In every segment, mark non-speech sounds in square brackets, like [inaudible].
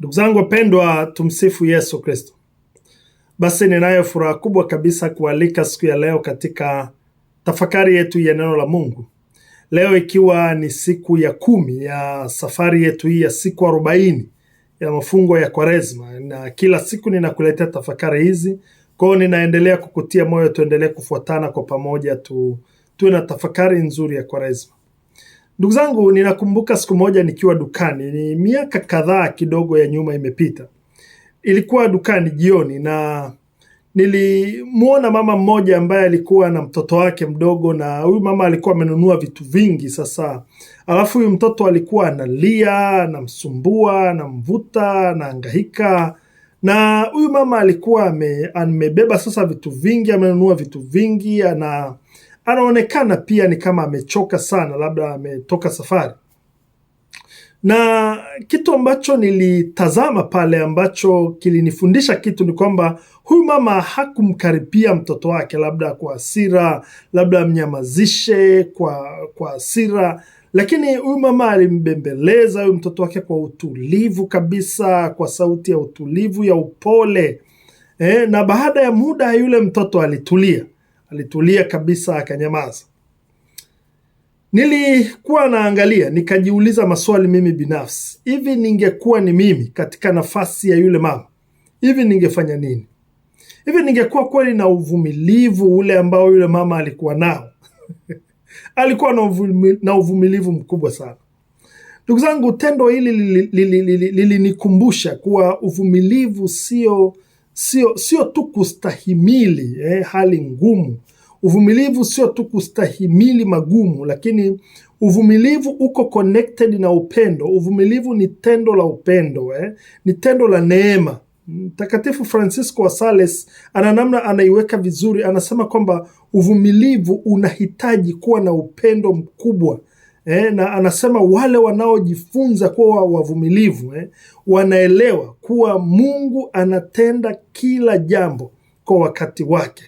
Ndugu zangu wapendwa, tumsifu Yesu Kristo. Basi ninayo furaha kubwa kabisa kualika siku ya leo katika tafakari yetu ya neno la Mungu, leo ikiwa ni siku ya kumi ya safari yetu hii ya siku arobaini ya mafungo ya Kwaresma, na kila siku ninakuletea tafakari hizi. kwao ninaendelea kukutia moyo, tuendelee kufuatana kwa pamoja tu, tuwe na tafakari nzuri ya Kwaresma. Ndugu zangu, ninakumbuka siku moja nikiwa dukani, ni miaka kadhaa kidogo ya nyuma imepita. Ilikuwa dukani jioni, na nilimwona mama mmoja ambaye alikuwa na mtoto wake mdogo, na huyu mama alikuwa amenunua vitu vingi. Sasa alafu huyu mtoto alikuwa analia, anamsumbua, anamvuta, anahangaika, na huyu mama alikuwa amebeba sasa vitu vingi, amenunua vitu vingi, ana anaonekana pia ni kama amechoka sana, labda ametoka safari. Na kitu ambacho nilitazama pale ambacho kilinifundisha kitu ni kwamba huyu mama hakumkaribia mtoto wake, labda kwa hasira, labda amnyamazishe kwa kwa hasira lakini huyu mama alimbembeleza huyu mtoto wake kwa utulivu kabisa, kwa sauti ya utulivu ya upole eh, na baada ya muda yule mtoto alitulia alitulia kabisa, akanyamaza. Nilikuwa naangalia nikajiuliza maswali mimi binafsi, hivi ningekuwa ni mimi katika nafasi ya yule mama, hivi ningefanya nini? Hivi ningekuwa kweli na uvumilivu ule ambao yule mama alikuwa nao? [laughs] alikuwa na uvumilivu mkubwa sana. Ndugu zangu, tendo hili lilinikumbusha li, li, li, li, li, li, kuwa uvumilivu sio sio sio tu kustahimili eh, hali ngumu. Uvumilivu sio tu kustahimili magumu, lakini uvumilivu uko connected na upendo. Uvumilivu ni tendo la upendo eh, ni tendo la neema. Mtakatifu Francisco wa Sales ana namna anaiweka vizuri, anasema kwamba uvumilivu unahitaji kuwa na upendo mkubwa eh, na anasema wale wanaojifunza kuwa wavumilivu eh, wanaelewa kuwa Mungu anatenda kila jambo kwa wakati wake.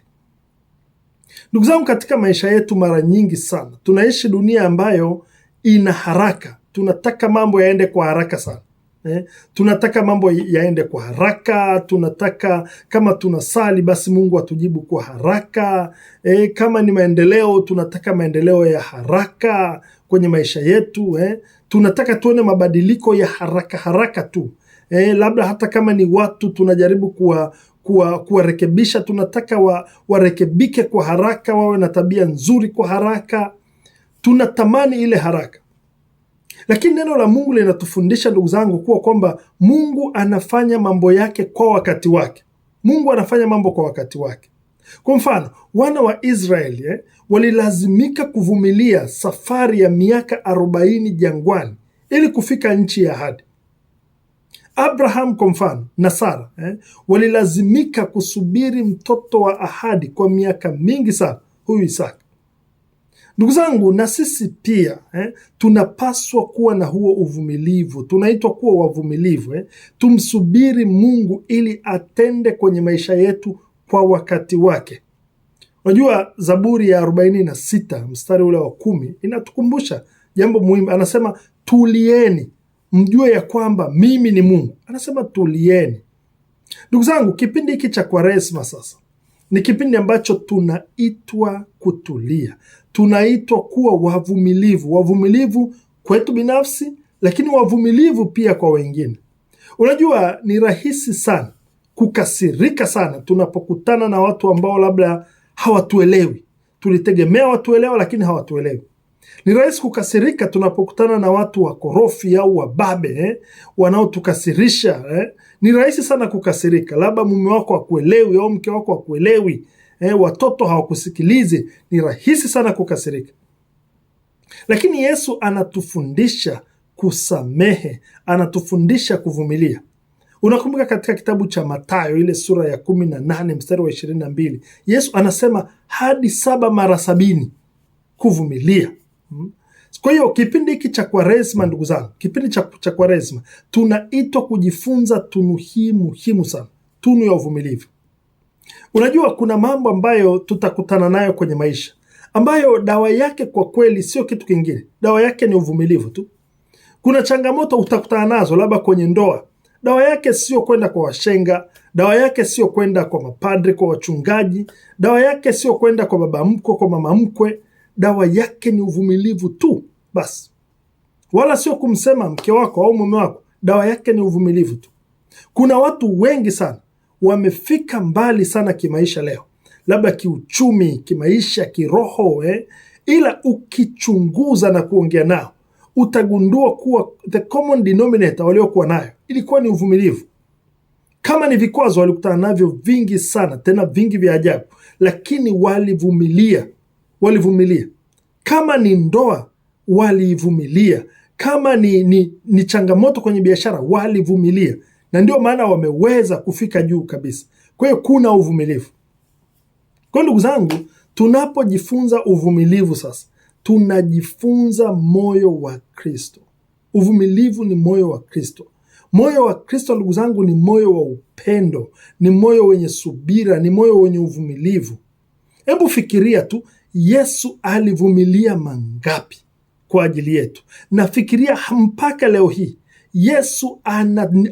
Ndugu zangu, katika maisha yetu mara nyingi sana tunaishi dunia ambayo ina haraka, tunataka mambo yaende kwa haraka sana. Eh, tunataka mambo yaende kwa haraka. Tunataka kama tunasali basi Mungu atujibu kwa haraka. Eh, kama ni maendeleo tunataka maendeleo ya haraka kwenye maisha yetu. Eh, tunataka tuone mabadiliko ya haraka haraka tu. Eh, labda hata kama ni watu tunajaribu kuwa kuwarekebisha tunataka wa, warekebike kwa haraka, wawe na tabia nzuri kwa haraka. Tunatamani ile haraka. Lakini neno la Mungu linatufundisha ndugu zangu, kuwa kwamba Mungu anafanya mambo yake kwa wakati wake. Mungu anafanya mambo kwa wakati wake. Kwa mfano wana wa Israeli eh, walilazimika kuvumilia safari ya miaka arobaini jangwani ili kufika nchi ya ahadi. Abraham kwa mfano na Sara eh, walilazimika kusubiri mtoto wa ahadi kwa miaka mingi sana, huyu Isaka. Ndugu zangu, na sisi pia eh, tunapaswa kuwa na huo uvumilivu. Tunaitwa kuwa wavumilivu eh. Tumsubiri Mungu ili atende kwenye maisha yetu kwa wakati wake. Unajua, Zaburi ya arobaini na sita mstari ule wa kumi inatukumbusha jambo muhimu. Anasema tulieni, mjue ya kwamba mimi ni Mungu. Anasema tulieni. Ndugu zangu, kipindi hiki cha Kwaresma sasa ni kipindi ambacho tunaitwa kutulia, tunaitwa kuwa wavumilivu, wavumilivu kwetu binafsi, lakini wavumilivu pia kwa wengine. Unajua, ni rahisi sana kukasirika sana tunapokutana na watu ambao labda hawatuelewi. Tulitegemea watuelewa, lakini hawatuelewi. Ni rahisi kukasirika tunapokutana na watu wakorofi au wababe eh, wanaotukasirisha eh. Ni rahisi sana kukasirika, labda mume wako akuelewi au mke wako akuelewi eh, watoto hawakusikilizi, ni rahisi sana kukasirika. Lakini Yesu anatufundisha kusamehe, anatufundisha kuvumilia. Unakumbuka katika kitabu cha Mathayo ile sura ya kumi na nane mstari wa ishirini na mbili Yesu anasema hadi saba mara sabini kuvumilia. Hmm? Kwa hiyo kipindi hiki cha Kwaresma, ndugu zangu, kipindi cha, cha Kwaresma tunaitwa kujifunza tunu hii muhimu sana, tunu ya uvumilivu. Unajua kuna mambo ambayo tutakutana nayo kwenye maisha ambayo dawa yake kwa kweli sio kitu kingine, dawa yake ni uvumilivu tu. Kuna changamoto utakutana nazo labda kwenye ndoa, dawa yake sio kwenda kwa washenga, dawa yake sio kwenda kwa mapadri, kwa wachungaji, dawa yake sio kwenda kwa baba mkwe, kwa mama mkwe. Dawa yake ni uvumilivu tu basi, wala sio kumsema mke wako au mume wako. Dawa yake ni uvumilivu tu. Kuna watu wengi sana wamefika mbali sana kimaisha leo, labda kiuchumi, kimaisha, kiroho eh? Ila ukichunguza na kuongea nao utagundua kuwa the common denominator waliokuwa nayo ilikuwa ni uvumilivu. Kama ni vikwazo walikutana navyo vingi sana, tena vingi vya ajabu, lakini walivumilia, walivumilia. Kama ni ndoa waliivumilia, kama ni, ni, ni changamoto kwenye biashara walivumilia na ndio maana wameweza kufika juu kabisa. Kwa hiyo kuna uvumilivu. Kwa ndugu zangu, tunapojifunza uvumilivu sasa, tunajifunza moyo wa Kristo. Uvumilivu ni moyo wa Kristo. Moyo wa Kristo, ndugu zangu, ni moyo wa upendo, ni moyo wenye subira, ni moyo wenye uvumilivu. Hebu fikiria tu, Yesu alivumilia mangapi kwa ajili yetu, na fikiria mpaka leo hii Yesu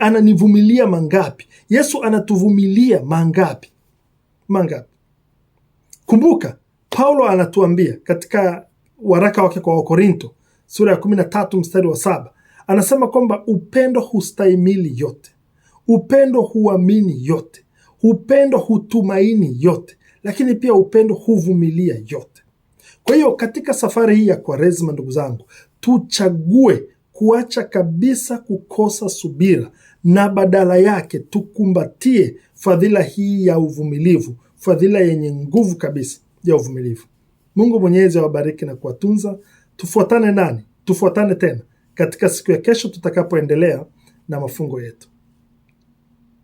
ananivumilia ana mangapi? Yesu anatuvumilia mangapi? Mangapi? Kumbuka Paulo anatuambia katika waraka wake kwa Wakorinto sura ya 13 mstari wa saba anasema kwamba upendo hustahimili yote, upendo huamini yote, upendo hutumaini yote, lakini pia upendo huvumilia yote. Kwa hiyo katika safari hii ya Kwaresma, ndugu zangu, tuchague kuacha kabisa kukosa subira na badala yake tukumbatie fadhila hii ya uvumilivu, fadhila yenye nguvu kabisa ya uvumilivu. Mungu Mwenyezi awabariki na kuwatunza. Tufuatane nani? Tufuatane tena katika siku ya kesho tutakapoendelea na mafungo yetu.